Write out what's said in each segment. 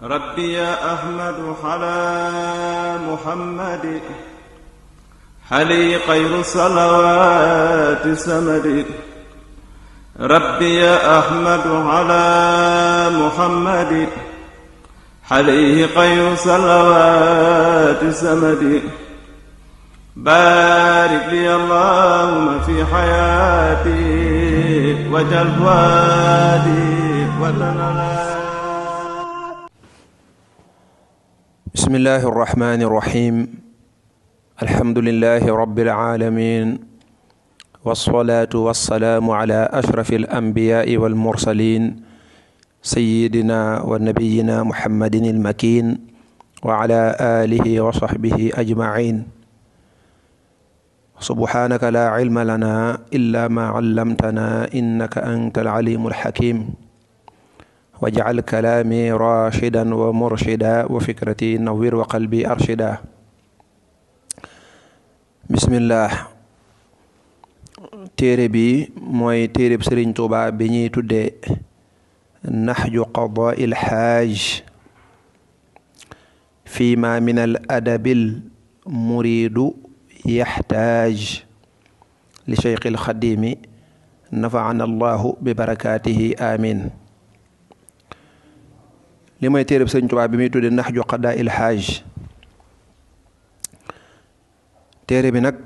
rabbi ya ahmadu xalaa muhammadi xali xayru salawaati samadi rabbi ya ahmadu xalaa muhammadi xali xayru salawaati samadi baarik li allahuma fi xayaati wajal waadi watanala bismillahi arrahmani irrahim alhamdulilahi rabilalamin walsalaatu walsalaamu ala ashrafi alambiyaai walmursalin sayidina wa nabiyina muhammadin almakin wa ala alihi wa sahbihi ajmain subhanaka la ilma lana illa ma allamtana innaka anta alalimu alhakim wajcal kalaami rashidan wa murshida wa fikrati nawwir wa qalbi arshida bismillah téere bi mooy téereb Sëriñ Tuuba bi ñuy tuddee naxju qadaa'il xaaj fi ma min al adabil muriidu yaxtaaj li Cheikh al Xadiimi nafaana allahu bi barakaatihi amiin li mooy bi sëñ Tuubaa bi muy tuddee ndax ju xadaa il xaaj téere bi nag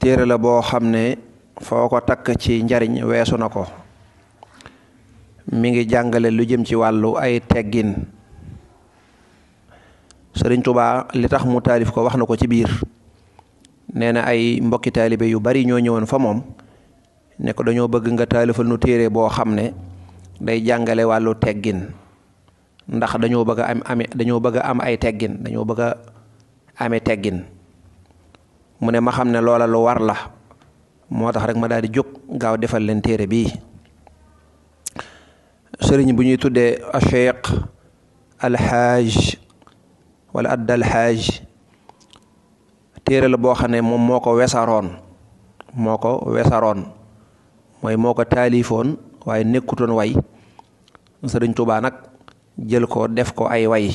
téere la boo xam ne foo ko takk ci njariñ weesu na ko mu ngi jàngale lu jëm ci wàllu ay teggin sëriñ Tuubaa li tax mu taalif ko wax na ko ci biir nee na ay mbokki taalibe yu bari ñoo ñëwoon fa moom ne ko dañoo bëgg nga taalifal nu téere boo xam ne day jàngale wàllu teggin ndax dañoo bëgg a am ame dañoo bëgg a am ay teggin dañoo bëgg a teggin mu ne ma xam ne loola lu war la moo tax rek ma daal di jóg gaaw defal leen téere bii sëriñ bu ñuy tuddee acheikh alxaaj wala addalxaaj téere la boo xam ne moom moo ko wesaroon moo ko wesaroon mooy moo ko taalifoon waaye nekkutoon way sëriñ Tuubaa nag jël ko def ko ay way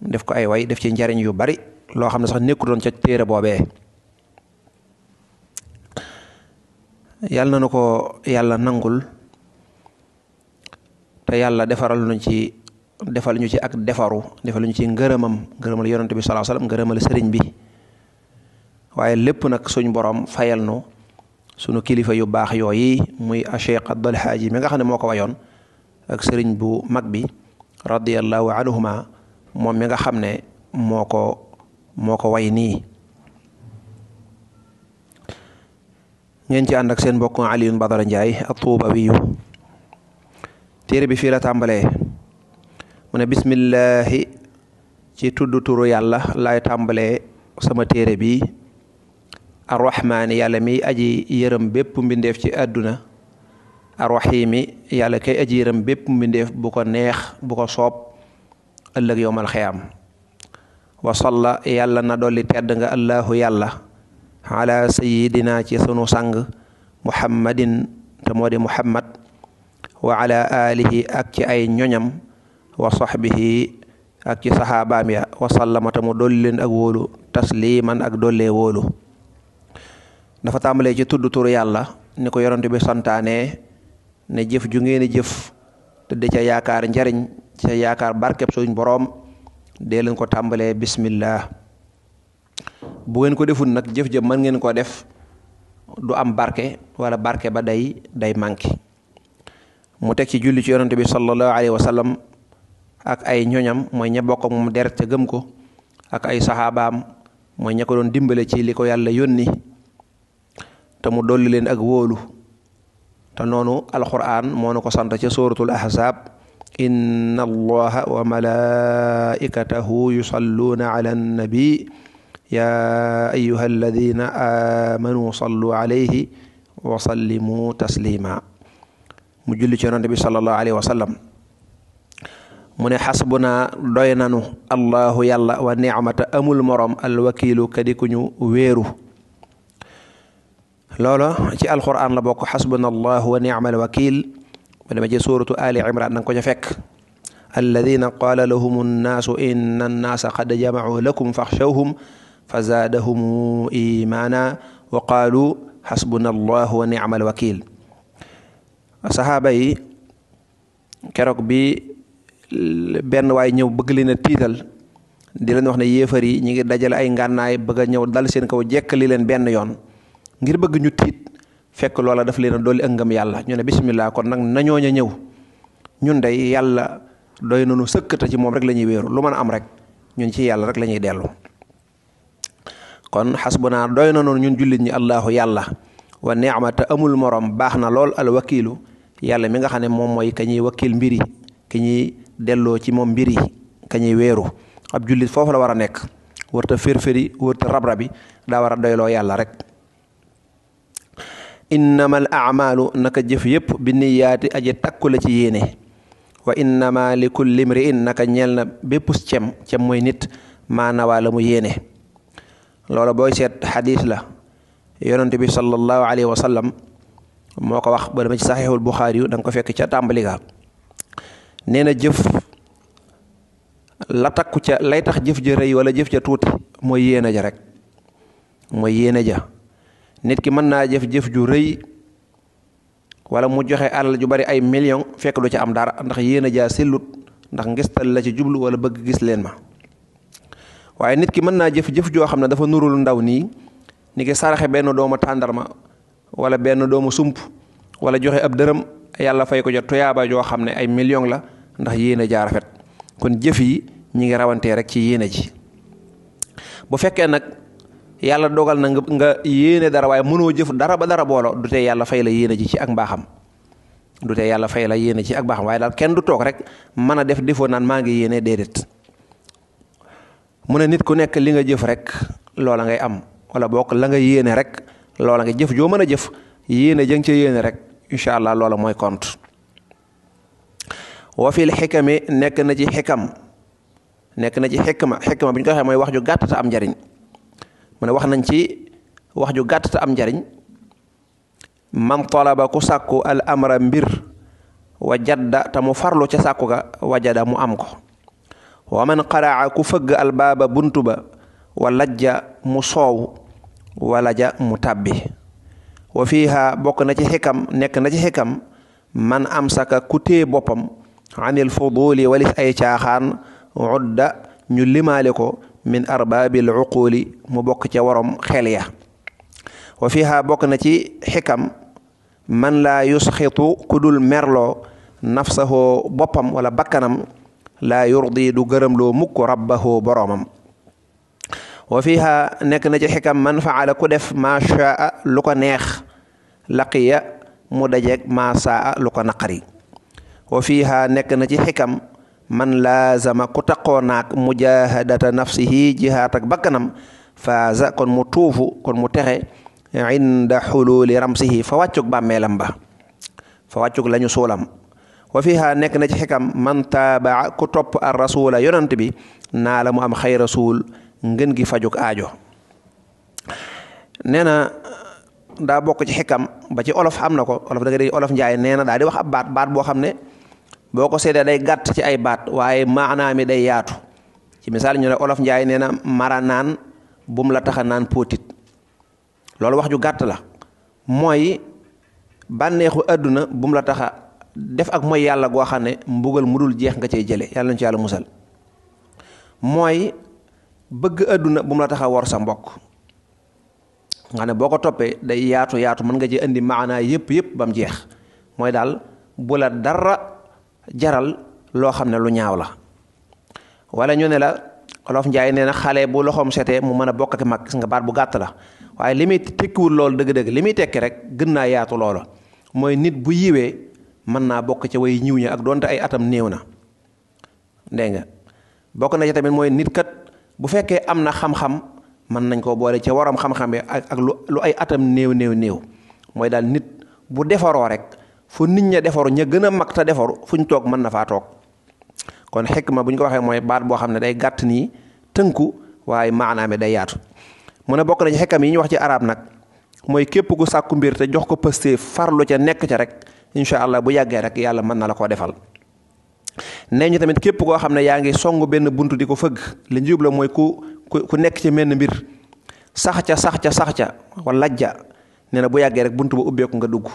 def ko ay way def ci njariñ yu bari loo xam ne sax nekkutoon ca téere boobee yàlla na ko yàlla nangul te yàlla defaral nu ci defal ñu ci ak defaru defal ñu ci ngërëmam ngërëmal yonent bi sallallahu alayhi ngërëmal sëriñ bi waaye lépp nag suñ boroom fayal nu sunu kilifa yu baax yooyi muy Cheikh Abdul Haaji mi nga xam ne moo ko wayoon ak sëriñ bu mag bi radiyallahu anhuma moom mi nga xam ne moo ko moo ko way nii ngeen ci ànd seen mbokk Alioune Badara Ndiaye at-Tuubawiyu téere bi fii la tàmbalee mu ne bismillahi ci tudd turu yàlla laay tàmbalee sama téere bi arrahmaani yàlla mi aji yërëm bépp mbindeef ci àdduna arrahimi yàlla kay aji yërëm bépp mbindeef bu ko neex bu ko soob ëllëg yowmal xiyaam wasalla yàlla na dolli tedd nga allahu yàlla ala sayidina ci sunu sang muhammadin te moo muhammad wa alihi ak ci ay ñoñam wa sahbihi ak ci saxaabaam ya wasallama tamu dolli ak wóolu tasliman ak dollee wóolu dafa tàmbalee ci tudd turu yàlla ni ko yonent bi santaane ne jëf ju ngeen jëf te da ca yaakaar njariñ ca yaakaar barkeb suñ boroom dee leen ko tàmbalee bismillah bu ngeen ko deful nag jëf ja mën ngeen ko def du am barke wala barke ba day day manqué mu teg ci julli ci yonante bi sallallahu alayhi wa ak ay ñoñam mooy ña bokk moom deret ca gëm ko ak ay saxaabaam mooy ña doon dimbale ci li ko yàlla yónni te mu dolli leen ak wóolu te noonu alquran moo ko sant ci suratul ahzab inna allaha wa malaikatahu yusalluuna ala annabi ya ayuha alladina amanu sallu alayhi wa sallimu mu julli ci yonante bi sallallahu alayhi wa sallam mu ne xasbuna doy nanu allahu yàlla amul morom alwakiilu kadikuñu wéeru loolo ci alquran la bokk xasbunallahu wa ni'mal wakil ba dama suuratu ali imran nanga ko ca fekk alladina qaala lahum nnaasu inna nnaasa qad jamacuu lakum faxshawhum fa zaadahum imaana wa qaalu xasbuna allahu wa ni'mal wakil yi keroog bi benn waay ñëw bëgg leen a tiital di leen wax ne yéefar yi ñu ngi dajale ay ngànnaay bëgg a ñëw dal seen ko jekkali leen benn yoon ngir bëgg ñu tiit fekk loola daf leen a dolli yàlla ñu ne bisimilah kon nag nañoo ña ñëw ñun day yàlla doy na nu sëkkata ci moom rek la ñuy wéeru lu mën a am rek ñun ci yàlla rek lañuy ñuy dellu kon naa doy na noonu ñun jullit ñi allahu yàlla wa ni'mata amul morom baax na lool al wakiilu yàlla mi nga xam ne moom mooy ka ñuy wakiil mbir yi ki ñuy delloo ci moom mbir yi ka ñuy wéeru ab jullit foofu la war a nekk wërta firfiri wërta rabrabi daa war a doyloo yàlla rek innamal amalu naka jëf yépp bi niyaati aji takku ci yéene wa innama li kulli imri'in naka ñeel na bépp cem cem mooy nit maa nawaa la mu yéene loola booy seet xadiis la yonent bi sallallahu alayhi wa sallam moo ko wax ba ci saxiixul buxaari yu da nga ko fekk ca tàmbali ga nee jëf la takku ca lay tax jëf ja rëy wala jëf ja tuuti mooy yéene ja rek mooy yéene ja nit ki mën naa jëf jëf ju rëy wala mu joxe alal ju bari ay million fekk du ca am dara ndax yéen a jaa sellut ndax ngistal la ci jublu wala bëgg gis leen ma waaye nit ki mën naa jëf jëf joo xam ne dafa nurul ndaw nii ni ngi saraxe benn doomu tàndarma wala benn doomu sump wala joxe ab dërëm yàlla fay ko jot tuyaaba joo xam ne ay million la ndax yéen a jaa rafet kon jëf yi ñu ngi rawantee rek ci yéen a ji bu fekkee nag yàlla dogal na nga nga yéene dara waaye mënoo jëf dara ba dara boolo du tee yàlla fay la yéene ji ci ak mbaaxam du tee yàlla fay la yéene ci ak mbaaxam waaye daal kenn du toog rek mën a def defoo naan maa ngi yéene déedéet mu ne nit ku nekk li nga jëf rek loola ngay am wala bokk la nga yéene rek loola nga jëf joo mën a jëf yéene jëng ci yéene rek incha allah loola mooy compte wa fil xikami nekk na ci xikam nekk na ci xikma xikma bu ñu ko waxee mooy wax ju gàtt te am njariñ mu ne wax nañ ci wax ju gàtt te am njariñ man talaba ku sàkku al amra mbir wa jadda te farlu ca sàkku ga wajada mu am ko wa man qaraa ku fëgg al baaba buntu ba wa lajja mu soow wa laja mu tàbbi wa fiiha bokk na ci xikam nekk na ci xikam man am saka ku tée boppam anil fuduli walis ay caaxaan udda ñu limaale ko min arbaabil uquli mu bokk ca woroom xel ya wa fiha bokk na ci xikam man la yusxitu ku dul merloo nafsahoo boppam wala bakkanam laa yurdi du gërëmloo mukk rabbahoo boroomam wa fiha nekk na ci xikam man faala ku def maa shaa lu ko neex laqiya mu dajeeg maa saa lu ko naqari wa fiha nekk na ci xikam man laazama ku taqoo naak mujahadata nafsihi jihaat ak bakkanam faaza kon mu tuufu kon mu texe inda xululi ramsihi fa wàccug bàmmeelam ba fa wàccug lañu suulam wa fiha nekk na ci xikam man taabaa ku topp ar rasula yonant bi naa la mu am xayra suul ngën gi fajug aajo nee na daa bokk ci xikam ba ci olof am na ko olof da nga olof njaay nee na daa di wax ab baat baat boo xam ne boo ko seedee day gàtt ci ay baat waaye maanaa mi day yaatu ci misaal ñu ne olof njaay nee na mara naan bum la taxa naan póotit loolu wax ju gàtt la mooy bànneexu àdduna bum la taxa def ak mooy yàlla goo xam ne mbugal mu dul jeex nga cay jële yàlla ñu ci yàlla musal mooy bëgg àdduna bum la taxa wor sa mbokk nga ne boo ko toppee day yaatu yaatu mën nga ci indi maanaa yëpp yëpp ba mu jeex mooy daal bu la dara jaral loo xam ne lu ñaaw la wala ñu ne la olof njaay nee na xale bu loxoom setee mu mën a bokk ak mag gis nga baat bu gàtt la waaye li muy tekkiwul loolu dëgg-dëgg li muy tekki rek gën naa yaatu loola mooy nit bu yiwee mën naa bokk ca way ñiw ña ak doonte ay atam néew na dégg nga bokk na ci tamit mooy nit kat bu fekkee am na xam-xam mën nañ koo boole ca waram xam-xam bi ak ak lu ay atam néew néew néew mooy daal nit bu defaroo rek fu nit ña defaru ña gën a mag te defaru fu ñu toog mën na faa toog kon xikma bu ñu ko waxee mooy baat boo xam ne day gàtt nii tënku waaye maanaame day yaatu mu ne bokk na ci xekkam yi ñu wax ci araab nag mooy képp ku sàkku mbir te jox ko pëste farlu ca nekk ca rek incha allah bu yàggee rek yàlla mën na la koo defal nee ñu tamit képp koo xam ne yaa ngi song benn bunt di ko fëgg li ñu mooy ku ku nekk ci menn mbir sax ca sax ca sax ca wala lajja nee na bu yàggee rek bunt ba ubbeeku nga dugg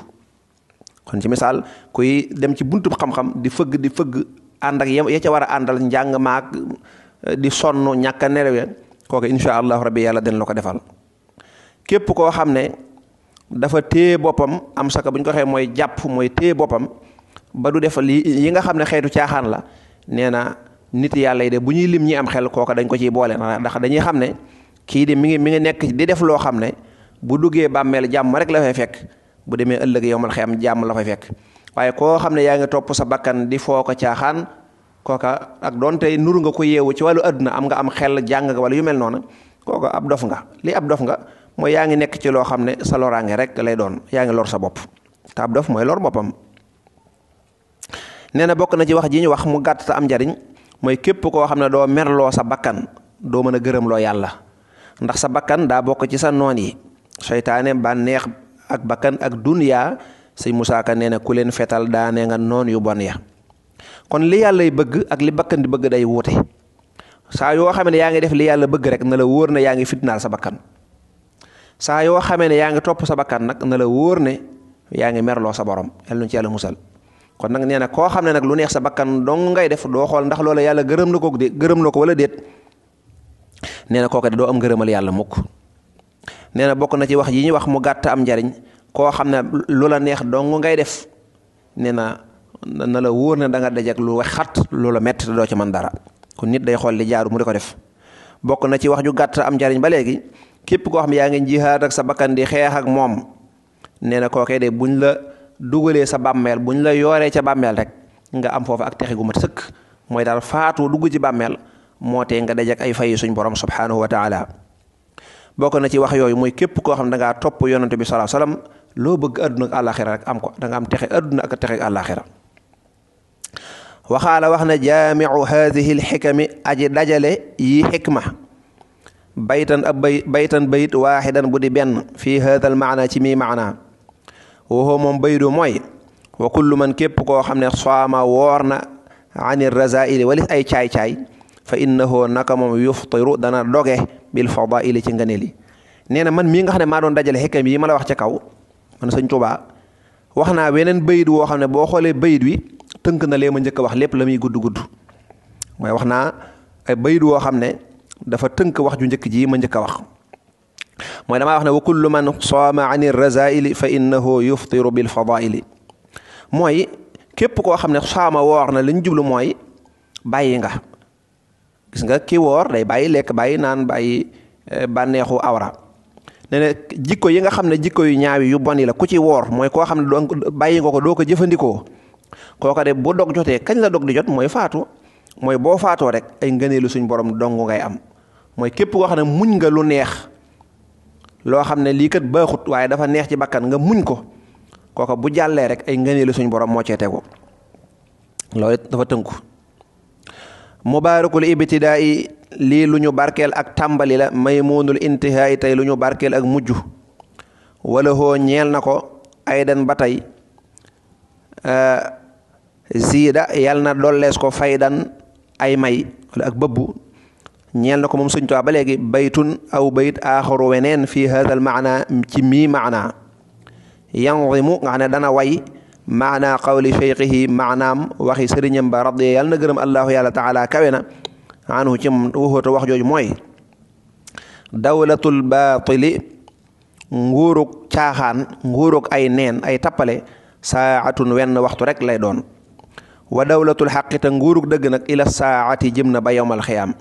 kon ci misaal kuy dem ci buntu xam-xam di fëgg di fëgg ànd ak ya ca war a àndal njàng maak eh, di sonn ñàkk a nerewe kooku incha allahu rabbi yàlla dina la ko defal képp koo xam ne dafa téye boppam am saka bu ñu ko waxee mooy jàpp mooy téye boppam ba du defal li yi nga xam ne xeetu caaxaan la nee na nit yàlla yi de bu ñuy lim ñi am xel kooka dañ ko ciy boole ndax dañuy xam ne kii de mi ngi mi ngi nekk di def loo xam ne bu duggee bàmmeel jàmm rek la fay fekk bu demee ëllëg yowmal xiyam jàmm la fay fekk waaye koo xam ne yaa ngi topp sa bakkan di foo ko caaxaan kooka ak doonte nuru nga ko yeewu ci wàllu adduna am nga am xel jàng nga wala yu mel noonu kooka ab dof nga li ab dof nga mooy yaa ngi nekk ci loo xam ne sa loraange rek lay doon yaa ngi lor sa bopp te ab dof mooy lor boppam nee na bokk na ci wax ji ñu wax mu gàtt te am njariñ mooy képp koo xam ne doo merloo sa bakkan doo mën a gërëm loo yàlla ndax sa bakkan daa bokk ci sa noon yi seytaane bànneex ak bakkan ak dunyaa sëñ musaaka Ka nee na ku leen fetal daanee nga noon yu bon ya kon li yàllay bëgg ak li bakkan di bëgg day wuute saa yoo xamee ne yaa ngi def li yàlla bëgg rek na la wóor ne yaa ngi fitnaal sa bakkan saa yoo xamee ne yaa ngi topp sa bakkan nag na la wóor ne yaa ngi merloo sa borom yàlla nu ci musal kon nag nee na koo xam ne nag lu neex sa bakkan dong ngay def doo xool ndax loola yàlla gërëm na kooku de gërëm na ko wala déet nee na kooku doo am gërëmal yàlla mukk nee na bokk na ci wax yi ñu wax mu gàtt am njariñ koo xam ne lu la neex dong ngay def nee na na la wóor ne da nga dajek lu xat lu la métti doo ci man dara kon nit day xool li jaaru mu di ko def bokk na ci wax ju gàtt am njariñ ba léegi képp koo xam ne yaa ngi jihaad ak sa bakkan di xeex ak moom nee na kookee de buñ la dugalee sa bàmmeel bu ñu la yooree ca bàmmeel rek nga am foofu ak texe gu mat sëkk mooy daal faatu dugg ci bàmmeel moo tee nga dajek ay fayi suñ borom subhanahu wa taala bokk na ci wax yooyu mooy képp koo xam ne da ngaa topp yonante bi salaa salaam loo bëgg àdduna ak àllaaxira rek am ko danga am texe àdduna ak texe àllaaxira waxaala wax na jaamiu haadihi lxikami aji dajale yi xikma baytan ab bay baytan bayit waaxidan bu di benn fii haadal maana ci mii maana waxoo moom baydu mooy wa kullu man képp koo xam ne soama woor na anir razaili walis ay caay-caay fa innahu naka moom yuftiru dana doge bil fadaili ci ngëneel yi nee na man mii nga xam ne maa doon dajale xikam yi ma la wax ca kaw man sëñ Tuubaa wax naa weneen bayit woo xam ne boo xoolee bayit wi tënk na lee ma njëkk a wax lépp la muy gudd gudd mooy wax naa ay bayit woo xam ne dafa tënk wax ju njëkk ji ma njëkk a wax mooy dama wax ne wa kullu ma sooma ani razaili fa innahu yuftiru bil fadaili mooy képp koo xam ne sooma woor na li jublu mooy bàyyi nga gis nga ki woor day bàyyi lekk bàyyi naan bàyyi eh, bànneexu awra ne jikko yi nga xam ne jikko yu ñaaw yu bon yi la ku ci woor mooy koo xam ne doo bàyyi nga ko doo ko jëfandikoo kooka de bu dog jotee kañ la dog di jot mooy faatu mooy boo faatoo rek ay lu suñ borom dong ngay am mooy képp wax xam ne muñ nga lu neex loo xam ne lii kat baaxut waaye dafa neex ci bakkan nga muñ ko kooka bu jàllee rek ay lu suñ borom moo cee tegu loolu dafa tënku. mubaarakul ibtidaai lii lu ñu barkeel ak tàmbali la maymuunul intihaayi tey lu ñu barkeel ak mujj wala hoo ñeel na ko ay dan tey euh, ziida yal na dollees ko faydan ay may wala ak bëbbu ñeel ko moom suñu tuwaa ba léegi baytun aw bayt aaxaru weneen fii haadal maana ci mii maana yanzimu nga xam ne dana way maanaa qawli cheyqihi maanaam waxi sëriñam ba radiya yàlla na gërëm allaahu yàlla taala kawe na anhu ci waxoota wax jooju mooy dawlatul baatili nguurug caaxaan nguurug ay neen ay tappale saatun wenn waxtu rek lay doon wa dawlatul xaqita nguurug dëgg nag ila saati jëm na ba yowmal xiyaam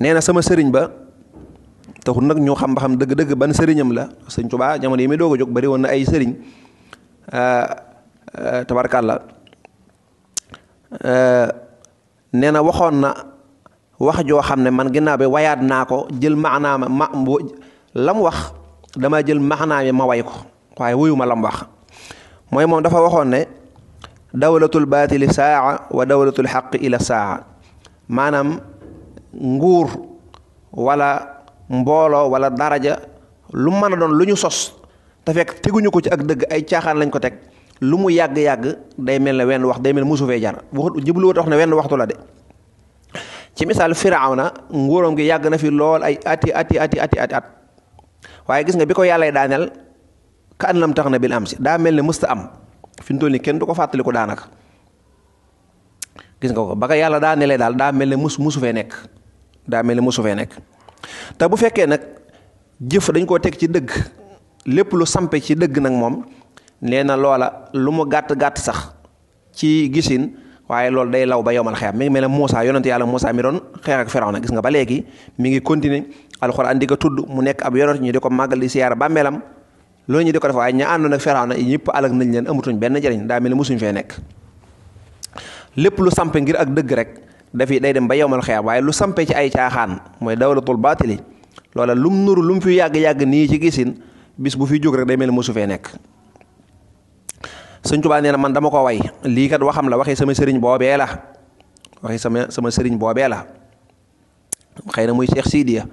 nee na sama sëriñ ba taxul nag ñu xam ba xam dëgg-dëgg ban sëriñam la sëñ Tuubaa jamono yi muy doog a jóg bari woon na ay sëriñ Eh, eh, tabarkàlla eh, nee na waxoon na wax joo xam ne man ginnaaw bi wayaat naa ko jël maanaam ma lam wax dama jël maanaam yi ma way ko waaye wuyu ma lam wax mooy moom dafa waxoon ne dawlatul baatili saa wa dawlatul xaq ila saa maanaam nguur wala mbooloo wala daraja lu mën a doon lu ñu sos te fekk teguñu ko ci ak dëgg ay caaxaan lañ ko teg lu mu yàgg-yàgg day mel ne wenn wax day mel ne musu fee jar waxut jubluwut wax ne wenn waxtu la de ci misaal firawna nguuram gi yàgg na fi lool ay ati ati ati ati ati at waaye gis nga bi ko yàllay daaneel ka an tax na bil am si daa mel ne mësta am fi mu toll nii kenn du ko fàttali ko daanaka gis nga ko ba ka yàlla daanelee daal daa mel ne mus musu fee nekk daa mel ne musu fee nekk te bu fekkee nag jëf dañ koo teg ci dëgg lépp lu sampe dëgg nag moom nee na loola lu mu gàtt gàtt sax ci gisin waaye loolu day law ba yomal xeer mi ngi mel ne Moussa yonent yàlla Moussa mi doon xeex ak Firawna gis nga ba léegi mi ngi continuer alxuraan di ko tudd mu nekk ab yonent ñu di ko màggal di siyaara bàmmeelam loolu ñu di ko def waaye ña àndoon ak Firawna ñëpp alak nañ leen amatuñ benn jëriñ daa mel ne mosuñ fee nekk lépp lu sampe ngir ak dëgg rek dafi day dem ba yomal xeer waaye lu sampe ci ay caaxaan mooy dawlatul baatili loola lum nuru lum fi yàgg-yàgg nii ci gisin bis bu fi jóg rek day mel ne mosu fee nekk sëñ Tuubaa nee man dama ko way lii kat waxam la waxee sama sëriñ boobee la sëriñ boobee xëy na muy Cheikh Sidiya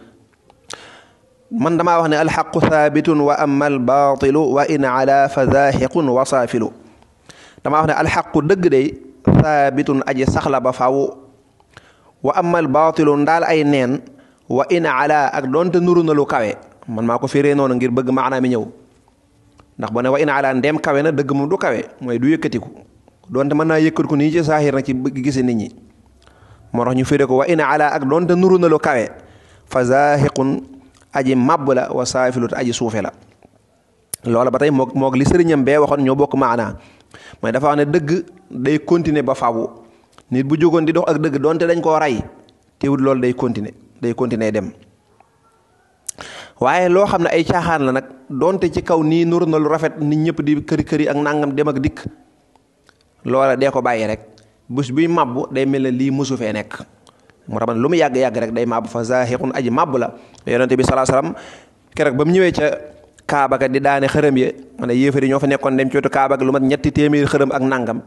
man damaa wax ne alxaqu thaabitun wa amma albaatilu wa in ala fa zaahiqun wa saafilu damaa wax ne alxaqu dëgg day thaabitun aji saxla ba faw wa amma albaatilu ndaal ay neen wa in ala ak doonte nuru na lu kawe man maa ko firee noonu ngir bëgg maanaa mi ñëw ndax ba ne wa in ala ndeem kawe na dëgg moom du kawe mooy du yëkkatiku donte mën naa yëkkatiku nii ci saaxiir nag ci gise nit ñi moo tax ñu firee ko wa in ala ak donte nuru na lu kawe fa zaahiqun aji màbb la wa saafilut aji suufe la loola ba tey moog moog li sëriñam bee waxoon ñoo bokk maanaa mooy dafa wax ne dëgg day continuer ba faaw nit bu jógoon di dox ak dëgg donte dañ koo rey teewul loolu day continuer day continuer dem waaye loo xam ne ay caaxaan la nag donte ci kaw nii nur na lu rafet nit ñëpp di këri këri ak nangam dem ak dikk loola dee ko bàyyi rek buus buy màbbu day mel ne lii mosu fee nekk mu tax lu yàgg yàgg rek day màbbu fa zaahiqun aji màbbu la yonente bi salaa salaam keroog ba mu ñëwee ca Kaaba ga di daane xërëm ye ma ne ñoo fa nekkoon dem ci Kaaba ga lu mat ñetti xërëm ak nangam.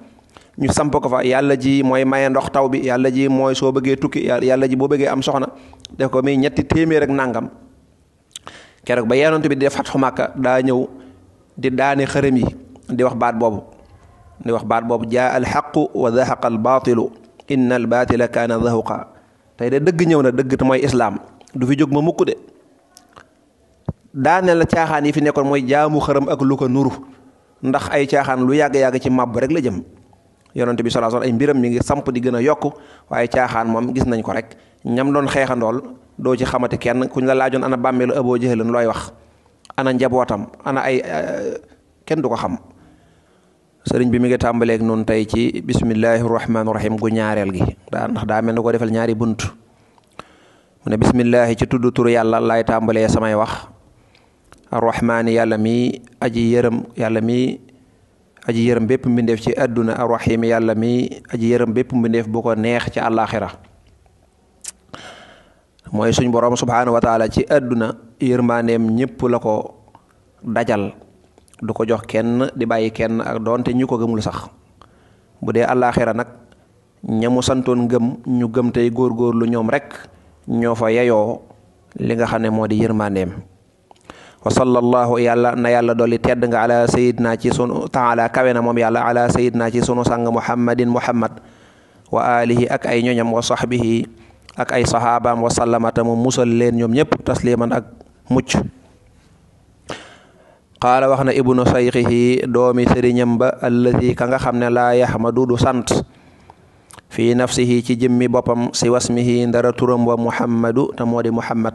ñu samp ko fa yàlla ji mooy maye ndox taw bi yàlla ji mooy soo bëggee tukki yàlla ji boo bëggee am soxna def ko muy ñetti téeméer ak nangam keroog ba yonent bi di def fatxu Màkka daa ñëw di daane xërëm yi di wax baat boobu di wax baat boobu jaa alxaqu wa zahaqa albaatilu inna albaatila kaana zahuqa tey de dëgg ñëw na dëgg te mooy islaam du fi jóg ma mukk de daane la caaxaan yi fi nekkoon mooy jaamu xërëm ak lu ko nuru ndax ay caaxaan lu yàgg-yàgg ci màbb rek la jëm yonent bi sallallahu alayhi wasallam ay mbiram mi ngi samp di gën a yokk waaye caaxaan moom gis nañ ko rek ñam doon xeexandool doo ci xamati kenn kuñ la laajoon ana bàmmeelu Aboo Jahlin looy wax ana njabootam ana ay eh, kenn du ko xam sëriñ bi mi ngi tàmbaleeg noonu tey ci bismillahi rahmaani rahim gu ñaareel gi daa mel ni ko defal ñaari bunt mu ci tudd tur yàlla laay samay wax arrahmaani yàlla mi aji yërëm yàlla mi aji yërëm bépp mbindeef ci àdduna arrahim yàlla mi aji yërëm bépp mbindeef bu ko neex ci àllaaxira mooy suñ borom subhaanahu wa taala ci àdduna yërmandeem ñépp la ko dajal du ko jox kenn di bàyyi kenn ak doonte ñu ko gëmul sax bu dee àllaaxira nag ñamu santoon gëm ñu gëm tey góorgóorlu ñoom rek ñoo fa yayoo li nga xam ne moo di yërmandeem wa sallallahu yàlla na yàlla dolli tedd nga ala ci sunu taala na moom yàlla ala sayidna ci sunu sang muhammadin muhammad wa ak ay ñoñam wa sahbihi ak ay saxaabaam wasallamata mu musal leen ñoom ñëpp tasliman ak mucc qaala wax na ibnu sayxihi doomi sëriñam ba allazi ka nga xam ne laa yaxmadu du sant fii nafsihi ci jëmmi boppam si wasmihi ndara turam wa muhammadu te moo di muhammad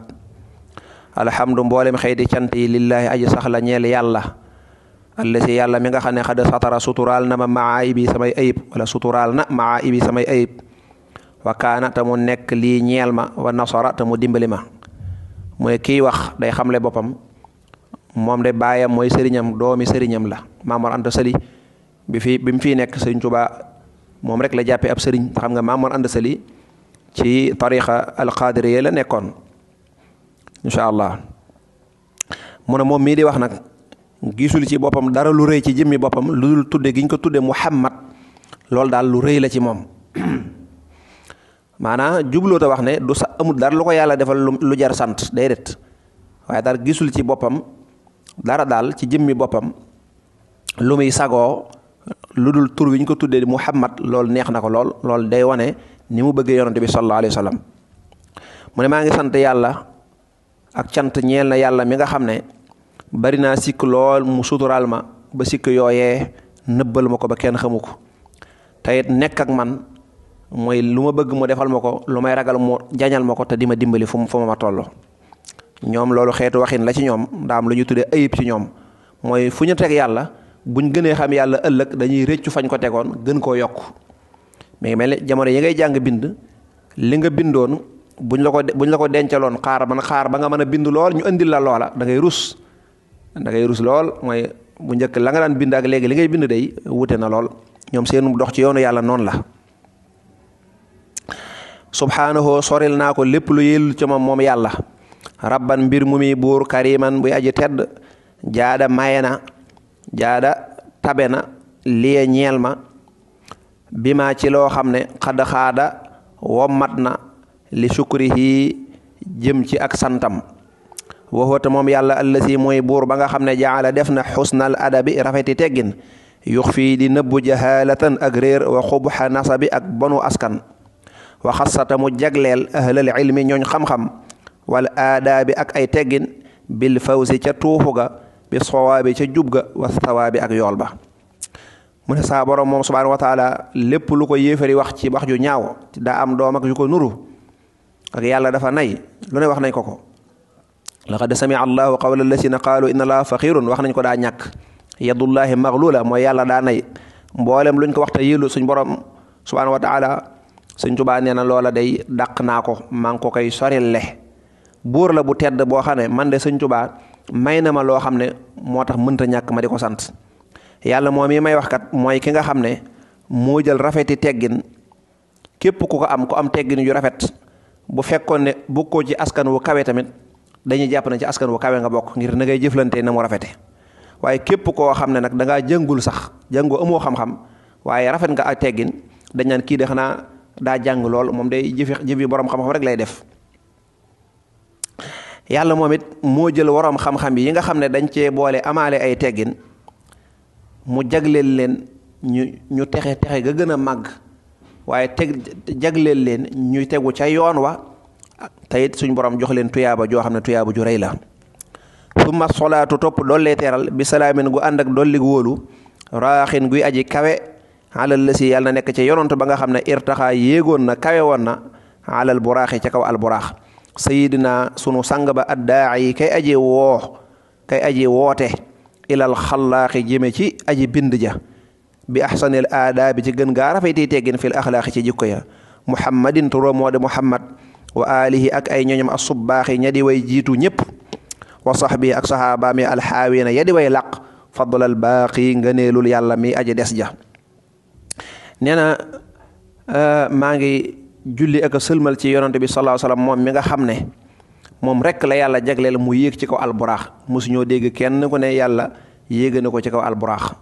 alhamdu mboolem xëy di cant yi lillaahi aji sax la ñeel yàlla allazi yàlla mi nga xam ne xada satara suturaal na ma maa ibi samay ayib wala ibi samay ayib wa kaana te mu nekk lii ñeel ma wa nasara te mu dimbali ma mu kiy wax day xamle boppam moom de baayam mooy sëriñam doomi sëriñam la Maamor Anta Sali bi fi bi mu fii nekk sëriñ Tuubaa moom rek la jàppee ab sëriñ xam nga Maamor Anta Sali ci tariqa alqaadiriya la nekkoon incha allah mu ne moom mii di wax nag gisul ci boppam dara lu rëy ci jëmmi boppam lu dul tudde gi ñu ko tudde Muhammad loolu daal lu rëy la ci moom maanaam jubloo te wax ne du sa amul dara lu ko yàlla defal lu jar sant day déedéet waaye dara gisul ci boppam dara daal ci jëmmi boppam lu muy sagoo lu dul tur wi ko tuddee mu Muhammad loolu neex na ko lool lool day wane ni mu bëggee yonante bi sallallahu alayhi wa sallam mu ne maa ngi sant yàlla ak cant ñeel na yàlla mi nga xam ne bari naa sikk lool mu suturaal ma ba sikk yooyee nëbbal ma ko ba kenn xamu ko te nekk ak man mooy lu ma bëgg mu defal ma ko lu may ragal mu jañal ma ko te di ma dimbali fu mu fu ma ma toll ñoom loolu xeetu waxin la ci ñoom daa am lu ñu tuddee ayib ci ñoom mooy fu ñu teg yàlla buñ gënee xam yàlla ëllëg dañuy rëccu fañ ko tegoon gën koo yokk mi ngi mel jamono yi ngay jàng bind li nga bindoon buñ la ko buñ la ko dencaloon xaar man xaar ba nga mën a bind lool ñu indil la loola da ngay rus da ngay rus lool mooy bu njëkk la nga daan bind ak léegi li ngay bind dey wute na lool ñoom seen dox ci yoonu yàlla noonu la subhaanahu soril naa ko lépp lu yellu ci moom moom yàlla rabban mbir mu buur kariman buy aji tedd jaada maye na jaada tabe na liye ñeel bima ci loo xam ne xad xaada wommat na li sukrihi jëm ci ak santam waxoota moom yàlla allasi mooy buur ba nga xam ne jaala def na xusnal adabi rafeti teggin yux fii di nëbbu jahalatan ak réer wa xubxa nasabi ak bonu askan wa xasata mu jagleel ahlal ilmi ñooñ xam-xam wal aadaabi ak ay teggin bil fawsi ca tuuxu ga bi sowaabi ca jubga ga wa sawaabi ak yool ba mu ne saa borom moom subhaanahu lépp lu ko yéefari wax ci wax ju ñaaw daa am doom ak yu ko nuru ak yàlla dafa nay lu ne wax nañ ko ko laqad samia allahu qawla allasina qaalu inna allaha wax nañ ko daa ñàkk yadullahi maglula mooy yàlla daa nay mboolem luñ ko waxta yilu suñ borom subhaanahu wa sëñ Tuubaa nee na loola day dàq naa ko maa ngi ko koy soril le buur la bu tedd boo xam ne man de sëñ Tuubaa may na ma loo xam ne moo tax mënta ñàkk ma di ko sant yàlla moom yi may wax kat mooy ki nga xam ne moo jël rafeti teggin képp ku ko am ko am teggin yu rafet bu fekkoon ne bokkoo ci askan wu kawe tamit dañuy jàpp na ci askan wu kawe nga bokk ngir na ngay jëflante na mu rafete waaye képp koo xam ne nag da ngaa jëngul sax jëngoo amoo xam-xam waaye rafet daa jàng lool moom day jëfi jëfi borom xam-xam rek lay def yàlla moom it moo jël woroom xam-xam yi nga xam ne dañ cee boole amaale ay teggin mu jagleel leen ñu ñu texe texe ga gën a màgg waaye teg jagleel leen ñuy tegu ca yoon wa te it suñ borom jox leen tuyaaba joo xam ne tuyaaba ju rëy la summa solaatu topp dollee teeral bi salaamin gu ànd ak dolli gu wóolu raaxin guy aji kawe alal la si yàlla na nekk ci yonant ba nga xam ne irtaxaa yéegoon na kawe woon na alal buraaxi ci kaw al buraax sayidina sunu sang ba addaa yi kay aji woo kay aji woote ilal xallaaxi jëme ci aji bind ja bi ahsanil aadaabi ci gën gaa rafetee teggin fil axlaaqi ci jikko ya muhammadin turoo moo de muhammad wa alihi ak ay ñoñom asubbaaxi ña di way jiitu ñëpp wa sahbi ak saxaabaami alxaawiina ya di way laq baaqi ngëneelul yàlla mi aji des ja nee na euh, maa ngi julli ak a sëlmal ci yonante bi sallallahu alayhi wasallam moom mi nga xam ne moom rek la yàlla jagleel mu yéeg ci kaw alburaax mosuñoo dégg kenn ko ne yàlla yéega na ko ci kaw alburaax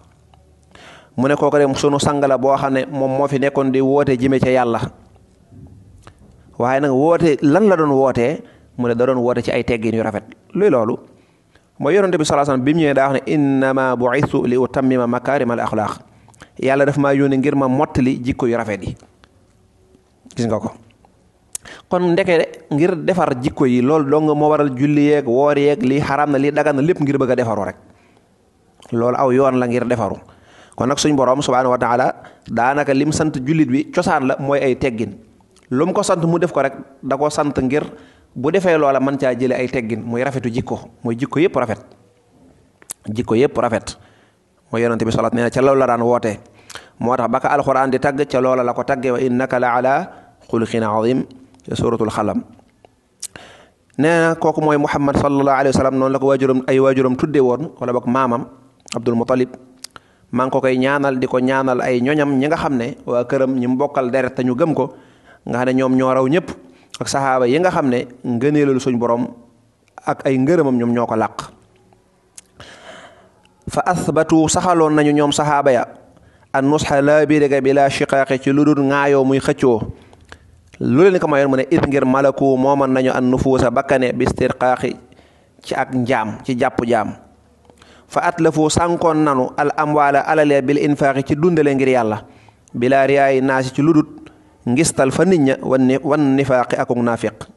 mu ne kooku dem sunu sang boo xam ne moom moo fi nekkoon di woote jime ca yàlla waaye nag woote lan la doon wootee mu ne da doon woote ci ay teggin yu rafet luy loolu mooy yonante bi sallallahu alayhi wasallam bi mu ñëwee daa wax ne innama bu'ithu li utammima yàlla def ma yónni ngir ma mottali jikko yu rafet yi gis nga ko kon ndeke ngir defar jikko yi lool dong moo waral julli yeeg woor yeeg lii xaraam na lii dagan na lépp ngir bëgg a defaru rek loolu aw yoon la ngir defaru kon nag suñ borom subhaanahu wa taala daanaka lim sant jullit bi cosaan la mooy ay teggin lu ko sant mu def ko rek da koo sant ngir bu defee loola mën caa jëlee ay teggin mooy rafetu jikko mooy jikko yépp rafet jikko yëpp rafet. mooy yonante bi na ca loolu la daan woote moo tax baka alxuraan di tagg ca loola la ko tagge wa innaka la ala xuluqin azim suratul xalam nee na kooku mooy muhammad sallallahu alayhi wa sallam noonu la ko waajuram ay waajuram tudde woon wala boog maamam abdul mutalib maa ngi ko koy ñaanal di ko ñaanal ay ñoñam ñi nga xam ne waa këram ñi mbokkal bokkal deret te ñu gëm ko nga xam ne ñoom ñoo raw ñëpp ak saxaaba yi nga xam ne ngëneelalu suñ boroom ak ay ngërëmam ñoom ñoo ko làq fa athbatu saxaloon nañu ñoom saxaaba ya an nusxa laa biriga bi ci lu dul muy xëccoo lu leen ko mayoon mu ne it ngir malaku mooman nañu an nufuusa bakkane bi istirqaaqi ci ak njaam ci jàpp jaam fa atlafu sànkoon nanu al amwaala alalee bil infaaqi ci dundale ngir yàlla bilaa riyaay naasi ci lu ngistal fa nit ña wan nifaaqi akuk naafiq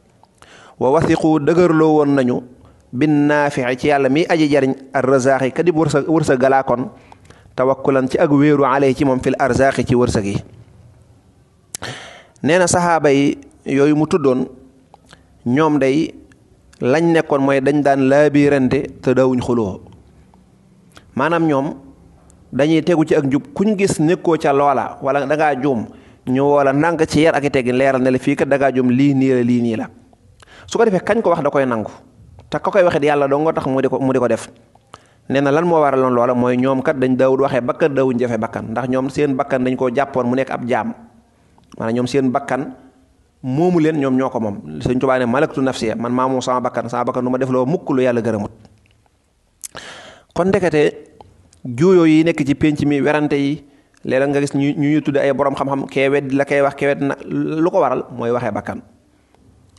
wa wathiqu dëgërloo woon nañu bin naafici ci yàlla mii aji jariñ arzaaxi kadib wërsa wërsa galaa kon tawakkulan ci ak wéeru alay ci moom fil arzaaxi ci wërsëg yi nee na saxaaba yi yooyu mu tuddoon ñoom day lañ nekkoon mooy dañ daan laabirante te daawuñ xuloo maanaam ñoom dañuy tegu ci ak njub kuñ gis nekkoo ca loola wala dangaa juum ñu woola nang ci yar ak i teggin leeral ne la fii ka dangaa juum lii nii la lii nii la su ko defee kañ ko wax da koy nangu te ko koy waxit yàlla doo nga tax mu di ko mu di ko def nee na lan moo waraloon loola mooy ñoom kat dañ daawut waxee bakkan daawuñ jafe bakkan ndax ñoom seen bakkan dañ koo jàppoon mu nekk ab jaam maanaam ñoom seen bakkan moomu leen ñoom ñoo ko moom Sëñ Tuubaa ne malaktu nafsiya man maa moom sama bakkan sama bakkan du ma def loo mukk lu yàlla gërëmut kon ndekete juuyoo yi nekk ci pénc mi werante yi léeg nga gis ñu ñu tudde ay borom xam-xam kee la kay wax kee wedd na lu ko waral mooy waxee bakkan